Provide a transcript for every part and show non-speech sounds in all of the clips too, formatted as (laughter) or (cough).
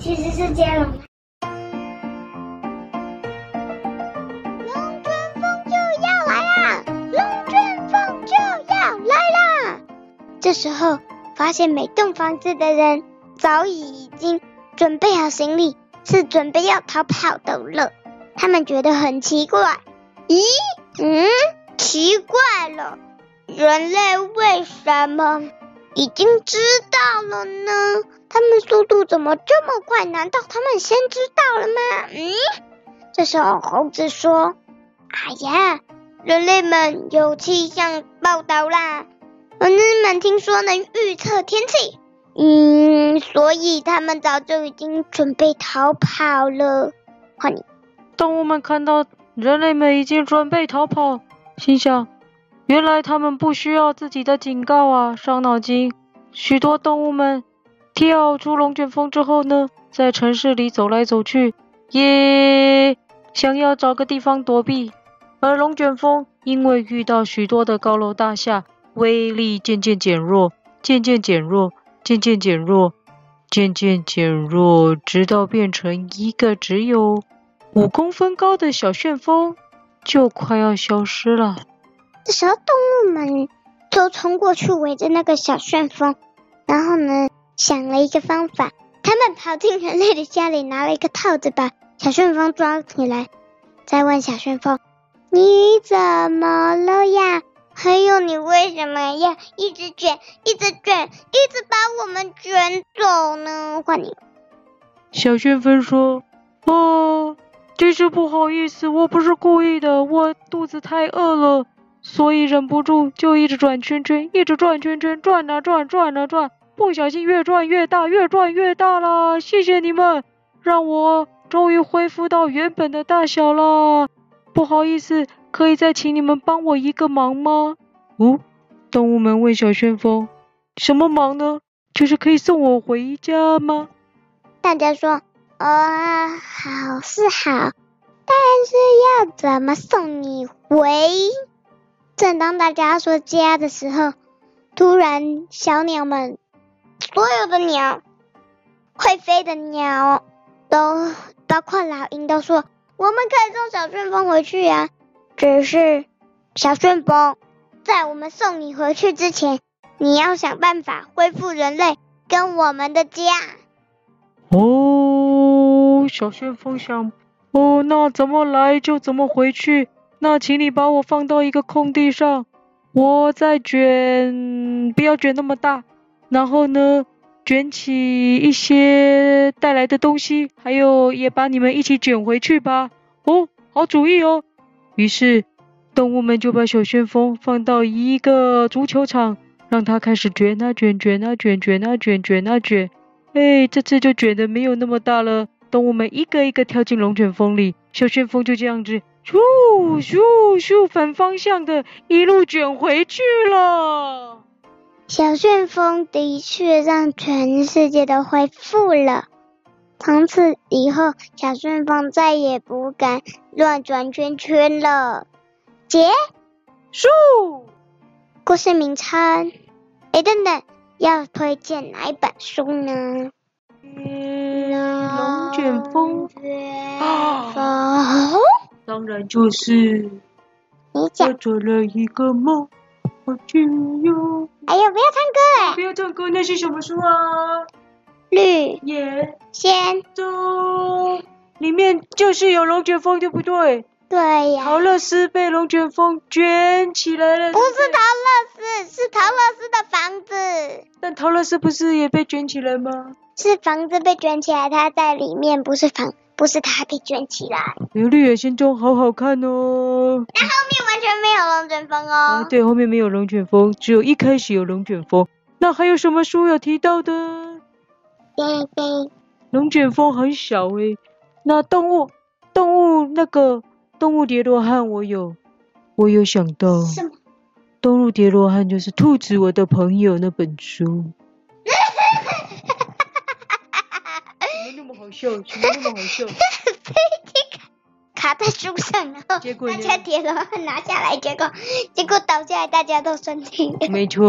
其實是接龍。龍捲風就要來啦！龍捲風就要來啦！這時候，發現每棟房子的人早已已經準備好行李，是準備要逃跑的了。他們覺得很奇怪，咦？嗯？奇怪了，人類為什麼已經知道了呢？他們速度怎麼這麼快？難道他們先知道了嗎？嗯，這時候猴子說：“哎呀，人類們有氣象報道啦！人類們聽說能預測天氣，嗯，所以他們早就已經準備逃跑了。換你。”好，動物們看到人類們已經準備逃跑，心想：“原來他們不需要自己的警告啊，傷腦筋。”許多動物們。跳出龍捲風之後呢，在城市裡走來走去，耶、yeah！想要找個地方躲避，而龍捲風因為遇到許多的高樓大廈，威力漸漸減弱，漸漸減弱，漸漸減弱，漸漸減弱，直到變成一個只有五公分高的小旋風，就快要消失了。小動物們都衝過去圍着那個小旋風，然後呢？想了一個方法，他們跑進人類的家裡，拿了一個套子把小旋風抓起來，再問小旋風：“你怎麼了呀？還有你為什麼要一直捲、一直捲、一直把我們捲走呢？”換你，小旋風說：“哦，真是不好意思，我不是故意的，我肚子太餓了，所以忍不住就一直轉圈圈，一直轉圈圈，轉啊轉，轉啊轉，啊轉。”不小心越轉越大，越轉越大啦！謝謝你們，讓我終於恢復到原本的大小啦，不好意思，可以再請你們幫我一個忙嗎？哦，動物們問小旋風：“什麼忙呢？就是可以送我回家嗎？”大家說：“啊、呃，好是好，但是要怎麼送你回？”正當大家說家的時候，突然小鳥們。所有的鳥，會飛的鳥，都包括老鷹，都說我們可以送小旋風回去呀、啊。只是小旋風，在我們送你回去之前，你要想辦法恢復人類跟我們的家。哦，小旋風想，哦，那怎麼來就怎麼回去。那請你把我放到一個空地上，我再卷，不要卷那麼大。然後呢，捲起一些帶來的東西，還有也把你們一起捲回去吧。哦，好主意哦。於是動物們就把小旋風放到一個足球場，讓它開始捲啊捲捲啊捲捲啊捲捲啊捲，捲，啊捲，捲。哎，這次就捲得沒有那麼大了。動物們一個一個跳進龍捲風裡，小旋風就這樣子咻咻咻反方向的一路捲回去了。小旋風的確讓全世界都恢復了。從此以後，小旋風再也不敢亂轉圈圈了。結束。書故事名稱，哎、欸，等等，要推薦哪一本書呢？嗯，龍捲風。龍捲風。啊。當然就是。你講講。我做了一個夢。.喲！哎呦，不要唱歌哎！不要唱歌，那是什麼書啊？綠野 Yeah, 仙蹤。裡面就是有龍捲風，對不對？對呀、啊。桃樂絲被龍捲風捲起來了。對不，對不是桃樂絲，是桃樂絲的房子。但桃樂絲不是也被捲起來嗎？是房子被捲起來，他在裡面，不是房。不是它被捲起來。呃《綠野仙蹤》好好看哦。那後面完全沒有龍捲風哦、啊。對，後面沒有龍捲風，只有一開始有龍捲風。那還有什麼書有提到的？龍捲、嗯嗯、風很小誒、欸。那動物，動物那個動物疊羅漢，我有，我有想到。什麼？動物疊羅漢就是兔子，我的朋友那本書。好笑，什麼那麼好笑？飛機卡卡在樹上，然後結果大家疊羅漢拿下來，結果結果倒下來，大家都生病。沒錯，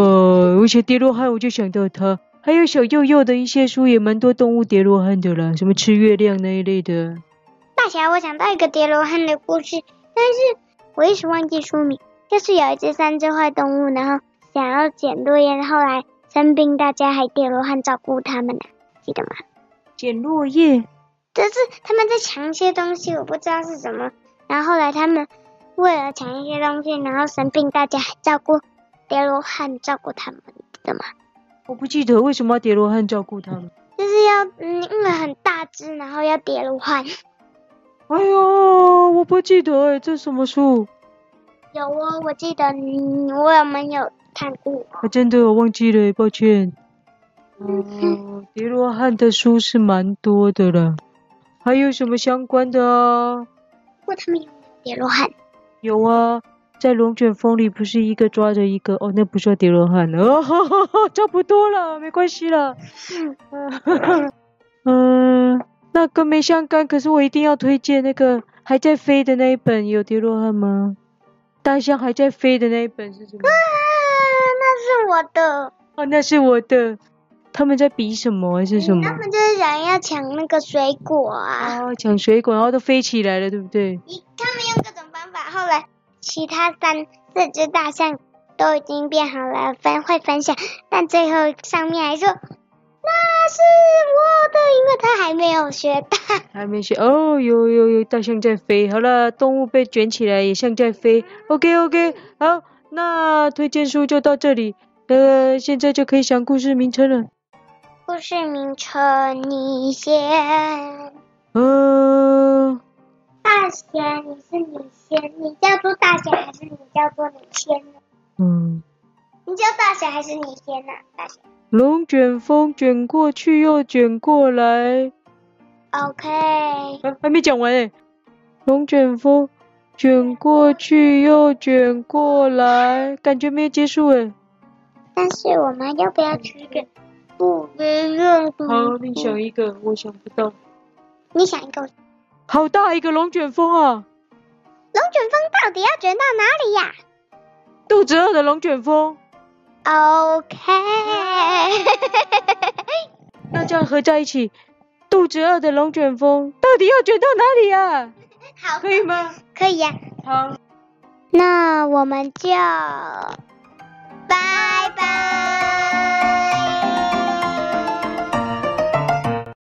而且疊羅漢我就想到他，還有小幼幼的一些書也蠻多動物疊羅漢的啦，什麼吃月亮那一類的。大俠，我想到一個疊羅漢的故事，但是我一直忘記書名，就是有一隻三隻壞動物，然後想要撿落葉，後來生病，大家還疊羅漢照顧他們呢，記得嗎？撿落葉，這是他們在搶一些東西，我不知道是什麼。然後後來他們為了搶一些東西，然後生病，大家還照顧疊羅漢照顧他們的嘛？我不記得為什麼要疊羅漢照顧他們。就是要，嗯，嗯，因為很大隻，然後要疊羅漢。哎呦，我不記得欸，這什麼書？有哦，我記得，嗯，我有沒有看過。我真的，我忘記了欸，抱歉。哦，疊羅漢的書是蠻多的了，還有什麼相關的啊？我他們有疊羅漢。有啊，在龍捲風裡，不是一個抓着一個哦，那不叫疊羅漢了，哦呵呵呵，差不多了，沒關係了。嗯， (laughs) 嗯，那個沒相干，可是我一定要推薦那個還在飛的那一本有疊羅漢嗎？大象還在飛的那一本是什麼？啊，那是我的。哦，那是我的。他們在比什麼還是什麼？他們就是想要搶那個水果啊！哦，搶水果，然後都飛起來了，對不對？咦，他們用各種方法。後來，其他三四隻大象都已經變好了，分會分享，但最後上面還說那是我的，因為他還沒有學到。還沒學哦，有有有大象在飛。好了，動物被捲起來也像在飛。嗯、OK OK，好，那推薦書就到這裡。呃，現在就可以想故事名稱了。故事名稱：你先。嗯、呃。大俠，你是女仙，你叫做大俠還是你叫做女仙呢？嗯。你叫大俠還是女仙呢？大俠。龍捲風卷過去又卷過來。OK 還。還沒講完哎、欸，龍捲風卷過去又卷過來，感覺沒結束哎、欸。但是我們要不要去卷？嗯好，你想一個，我想不到。你想一個。好大一個龍捲風啊！龍捲風到底要捲到哪裡呀？肚子餓的龍捲風。OK。 (laughs) 那這樣合在一起，肚子餓的龍捲風到底要捲到哪裡呀？ (laughs) 好啊，可以嗎？可以呀。好，那我們就。